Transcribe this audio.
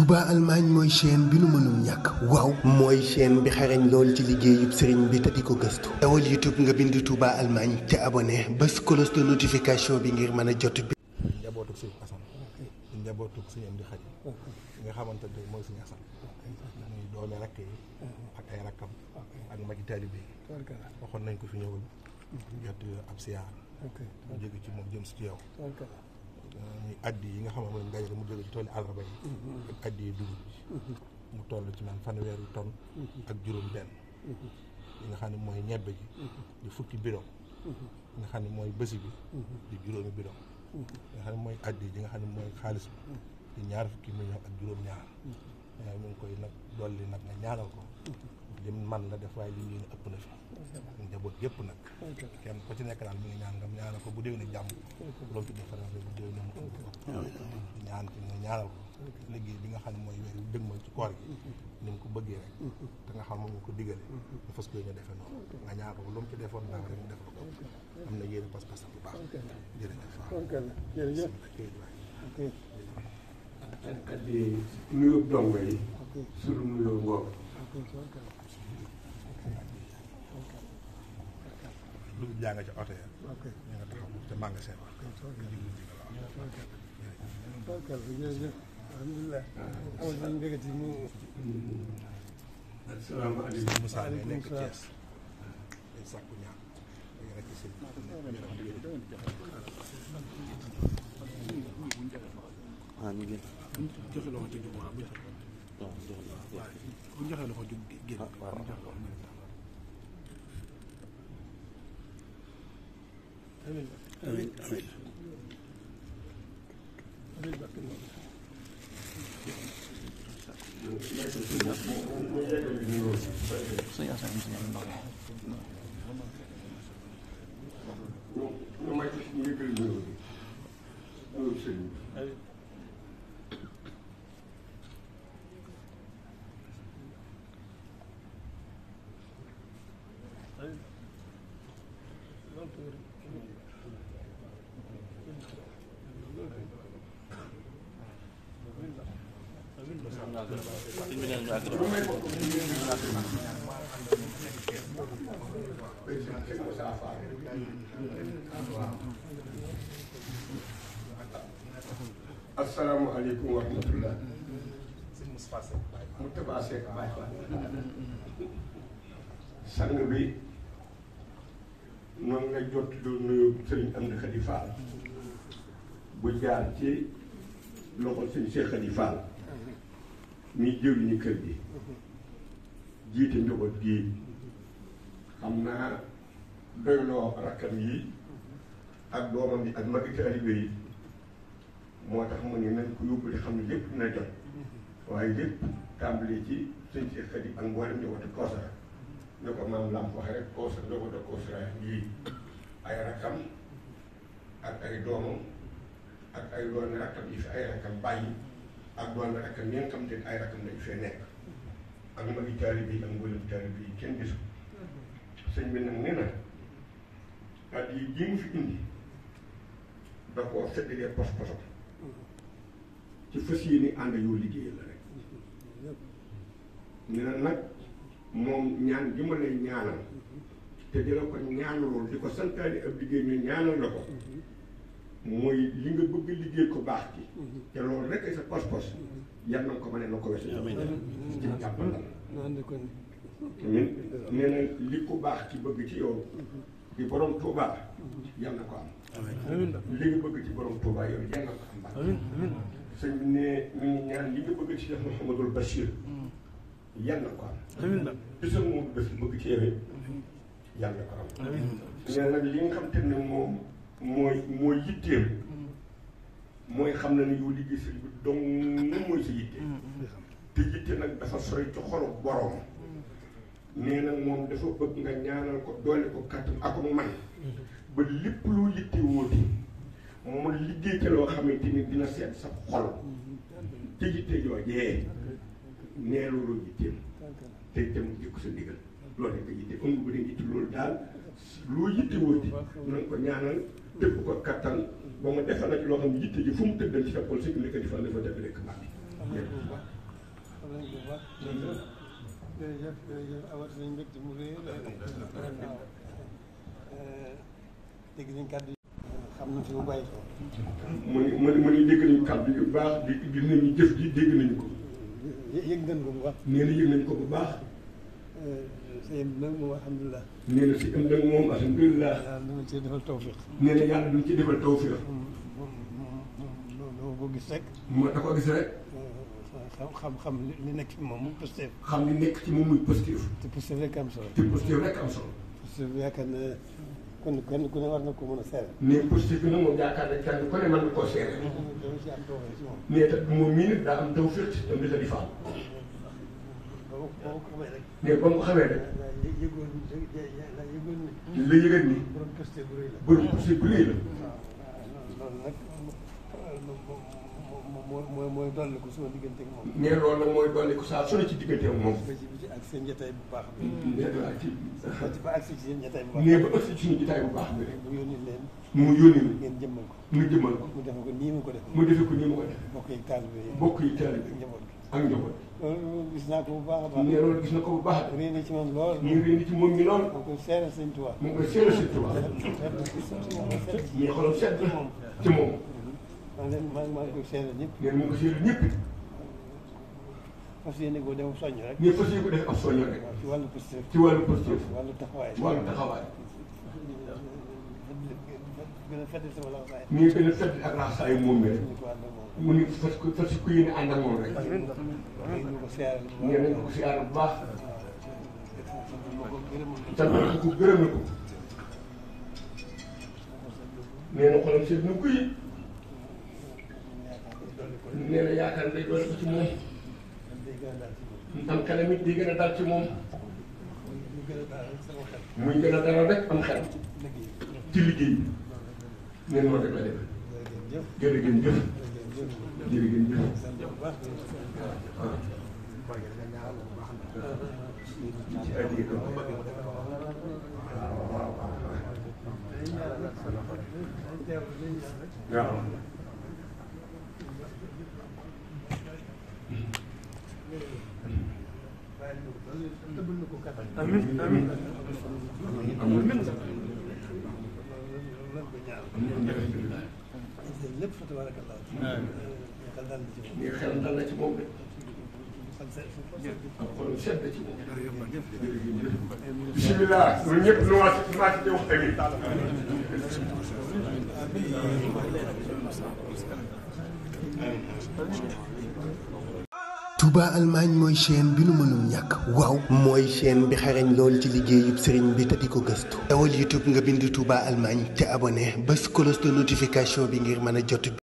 Touba Allemagne mooy chaîne bi nu mënul ñàkk waaw mooy chaîne bi xarañ lool ci liggéeyub sëriñ bi te di ko gëstu dawal YouTube nga bind Touba Allemagne te abonné bés cloche de notification bi ngir mën a jot bi njabootuk suñu asan di njabootuk suñu nga xamante ne mooy si asan muy doomi rakk yi ak ay rakkam ak waxoon nañ ko fi ñëwul jot ab siyaar mu jóge ci moom jëm si ci yow muy eh, addi yi nga xam ne moom dajale mu jóge ci tool yi àllarba ak addi yi mm-hmm. dugub mm-hmm. mu toll ci man fanweeri tonne mm-hmm. ak juróom benn li nga xam ne mooy ñebbe ji di fukki bidon li nga xam ne mooy bësi bi di juróomi bidon li xam ne mooy addi yi nga xam ne mooy xaalis bi di ñaar fukki million ak juróom ñaar mu eh, ngi koy nag dolli nag nga ñaanal ko lim man la def waaye lim yéen ëpp na fi njaboot yëpp nag kenn ku ci nekk daal mu ngi ñaan nga bu déwénee jàmm loolu ci différence bu mu ëpp ko liggéey bi nga xam mooy weer yu dëgmal ci koor gi ni mu ko bëggee rek te nga xam moom nga ko digale ñu fas koy ñu defee noonu nga ñaan ko lu ci defoon daaw rek def ko am na yéen pas-pas bu baax jërëjëf jërëjëf ak di nuyoo dongo yi suru nuyoo ngoor lu jàng ca oto ya ñu nga taxaw ca magasin ba alhamdulilah amal nañu mu asalaamaaleykum Moussa mi nekk Thiès day sàkku ñaan day rekk sëñ ah ñu ngi joxe loxo ci jumaa joxe loxo jóg génn amiin amiin amiin asalaamaaleykum wa rahmatulah. Moustapha Seck Baye Fall sang bi. man nga jot lu nuyu sëriñ Amdi Khady Fall bu jaar ci loxo sëriñ Cheikh Khady Fall mi jëriñu kër gi jiite njaboot gi xam naa doyloo rakkam yi ak doomam yi ak magi taalibe yi moo tax mu ne nañ ko yóbbu di xam ne lépp dina jot waaye lépp tàmbalee ci sëriñ Cheikh Khady ak mboolem njabootu Kawsara maam Lamp waxee rek koo sa doog a ay rakkam ak ay doomam ak ay doon rakkam yi fi ay rakkam bàyyi ak doon rakkam ñi nga xam te ay rakkam dañu fee nekk ak magi taalibe yi ak mboolem taalibe yi kenn gisu sëñ bi nag nee na at yi ji mu fi indi da koo séddalee pos-posam ci fas yéene ànd yoo liggéeyal la rek mm-hmm. nee na nag moom ñaan gi ma lay ñaanal te di la ko ñaanaloon di ko santaane ab liggéey ne ñaanal la ko mooy li nga bëgg liggéey ko baax ci te loolu rek sa pos-pos yal na ko ma ne na ko weesu ci jàppal amin nee na li ko baax ci bëgg ci yow di borom Tuuba yal na ko am li nga bëgg ci borom Tuuba yow na ko am ne mi ngi ñaan li nga bëgg ci def yàlla na ko am. amiin na bisam moom bés bëgg ci yéen yàlla na ko am. amiin nag li nga xam te ne moom mooy mooy yitteem. mooy xam na ni yow liggéey sëñ bi dong mooy sa yitte. te yitte nag dafa sori ci xolu borom. nee nag moom dafa bëgg nga ñaanal ko doole ko kàttan ak man. ba lépp loo yitte wóote mu liggéey ca loo xamante ni dina seet sa xol. te yitte joojee nee loolu yitteem te itam jikko sa ndigal loolu rek yitte amul bu dee yitte loolu daal loo yitte wooti na nga ko ñaanal dëpp ko kattan ba mu defal nag loo xam yitte ji fu mu tëddal ci sa xol si nekk di fa dafa def rek baax jërëjëf jërëjëf awat nañ mbégte mu rëy dégg xam na fi mu bàyyi ko mu ni mu ni dégg nañu kàddu yu baax di di nañu jëf ji dégg nañu ko yëg nañ ko bu baax. nee na yëg ko bu baax. sëñ bi nag moom alhamdulilah. nee na sëñ bi nag moom alhamdulilah. yàlla dama ci defal tawfiq. nee na yàlla dama ci defal tawfiq. dama ko gis rek. mu da ko gis xam xam li nekk ci moom muy positif. xam li nekk ci moom mu positif. te positif rek am solo. kon kenn ku ne war na ko mën a seere. mais positif bi nag moom yaakaar nañ kenn ku ne mën na koo seere. mais te moom mii daa am taw féet tam di la di faam. mais ba mu ko xamee rek. la yëgal ni. borom positif bu la. mooy mooy mooy dolli ko suma diggante ak moom. mais loolu nag mooy dolli ko saa su ne ci diggante ak moom. ba ci ak seen jotaay bu baax bi. ba ak ci seen jotaay bu baax bi. mais ba ëpp ci suñu jotaay bu baax bi. mu yónni leen. mu yónni leen ngeen jëmmal ko. mu jëmmal ko mu defe ko nii mu ko def. mu defe ko nii mu ko def. mbokk yi taalibe yi mbokk yi taalibe yi ak njaboot. gis naa ko bu baax a baax. mais loolu gis na ko bu baax. réer na ci moom lool. ñu réer na ci moom mi lool. mu koy seere sëñ Tuubaa. mu koy seere sëñ Tuubaa. mais xolam sedd ci moom. maa ngi leen maa maa ngi koy seedal ñëpp. léegi moo ngi ko seedal ñëpp. fas yéene ko def ab soññ rek. ñu fas yéene ko def ab soññ rek. ci wàllu positif. ci wàllu positif. wàllu taxawaay. wàllu taxawaay. gën a fëttal sama laxasaay. ñu ngi gën a fëttal ak laxasaayu moom mi rek. mu ngi fas fas ku yéene ànd ak moom rek. ñu ko seeral bu baax. ñu ko seeral bu baax. tamit ku gërëm na ko. nee na xolam seet na kuy. nee na yaakaar day doon ko ci moom. am xelam it di gën a dal ci moom. muy gën a dalal rek am xel. ci liggéey bi. nee noonu rek la def. jërëgën jëf. jërëgën jëf. waaw waaw waaw. amiin amiin lépp fa tabarakallah xel dal na ci moom xel dal na ci moom de xol sedd ci moom bismillah ñun ñëpp nu waa ci maa ci ñëw tamit amiin Touba Allemagne mooy chaîne bi nu mënul ñàkk waaw mooy chaîne bi xarañ lool ci liggéeyub sëriñ bi te di ko gëstu dawal YouTube nga bind Touba Allemagne te abonné bés cloche de notification bi ngir mën a jot